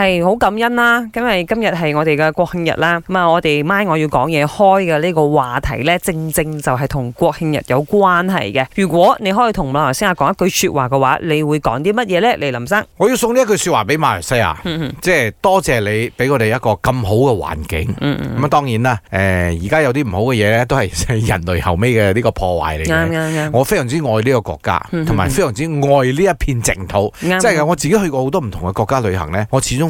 係好感恩啦，今日係我哋嘅國慶日啦，咁啊我哋晚我要講嘢開嘅呢個話題呢，正正就係同國慶日有關係嘅。如果你可以同馬來西亞講一句說話嘅話，你會講啲乜嘢呢？李林生，我要送呢一句說話俾馬來西亞，即、嗯、係、嗯就是、多謝你俾我哋一個咁好嘅環境，咁、嗯、啊、嗯、當然啦，誒而家有啲唔好嘅嘢呢，都係人類後尾嘅呢個破壞嚟嘅，我非常之愛呢個國家，同、嗯、埋、嗯嗯、非常之愛呢一片淨土，即、嗯、係、嗯就是、我自己去過好多唔同嘅國家旅行呢。我始終。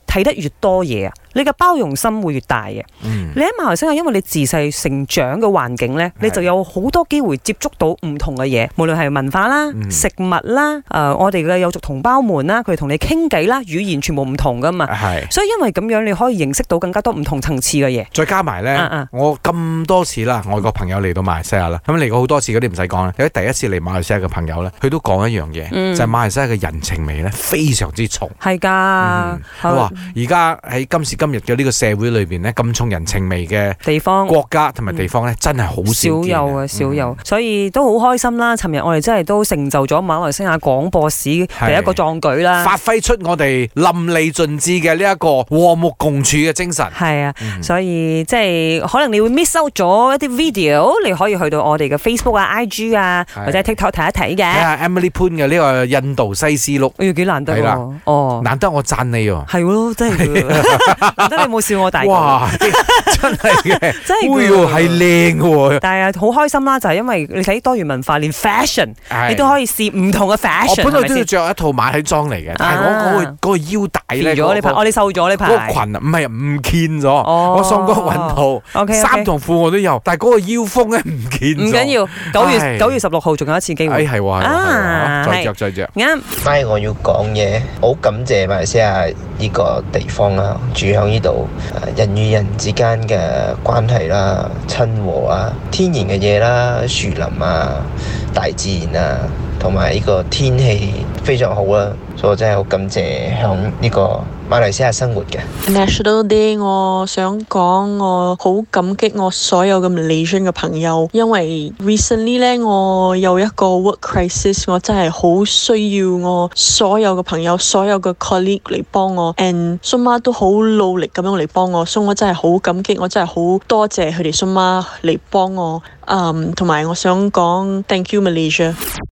睇得越多嘢啊，你嘅包容心會越大嘅、嗯，你喺馬來西亞，因為你自細成長嘅環境咧，你就有好多機會接觸到唔同嘅嘢，無論係文化啦、嗯、食物啦、誒、呃，我哋嘅友族同胞們啦，佢哋同你傾偈啦，語言全部唔同噶嘛的，所以因為咁樣你可以認識到更加多唔同層次嘅嘢。再加埋咧、啊啊，我咁多次啦，外國朋友嚟到馬來西亞啦，咁嚟過好多次嗰啲唔使講啦，有第一次嚟馬來西亞嘅朋友咧，佢都講一樣嘢、嗯，就係、是、馬來西亞嘅人情味咧，非常之重。係㗎，佢話而家喺今時。今日嘅呢個社會裏邊呢，咁重人情味嘅地方、國家同埋地方呢、嗯，真係好少的。少有啊，少有，嗯、所以都好開心啦！尋日我哋真係都成就咗馬來西亞廣播史第一個壯舉啦，發揮出我哋淋漓盡致嘅呢一個和睦共處嘅精神。係啊、嗯，所以即係可能你會 miss 咗一啲 video，你可以去到我哋嘅 Facebook 啊、IG 啊或者 TikTok 睇一睇嘅。睇下 Emily Pun 嘅呢個印度西斯錄，哎呀幾難得喎！哦，難得我讚你喎，係喎，真係。真係冇笑我大個，真係嘅。真係，哎呦，係靚嘅喎。但係啊，好開心啦，就係因為你睇多元文化，連 fashion 你都可以試唔同嘅 fashion。我本來都要着一套馬來裝嚟嘅，但係我嗰個嗰個腰帶咧，我呢排我哋瘦咗呢排。嗰個裙啊，唔係唔見咗。我上哥揾到。O K。衫同褲我都有，但係嗰個腰封咧唔見咗。唔緊要，九月九月十六號仲有一次機會。哎，係喎，啊，再着再着。啱。哎，我要講嘢，好感謝埋先係。呢、這個地方啊，住響呢度，人與人之間嘅關係啦、親和啊、天然嘅嘢啦、樹林啊、大自然啊，同埋呢個天氣。非常好啊！所以我真係好感謝響呢個馬來西亞生活嘅 National Day，我想講我好感激我所有嘅 Malaysian 嘅朋友，因為 recently 咧我有一個 work crisis，我真係好需要我所有嘅朋友、所有嘅 colleague 嚟幫我，and 蘇媽都好努力咁樣嚟幫我，所以我真係好感激，我真係好多謝佢哋蘇媽嚟幫我。um，同埋我想講，thank you Malaysia。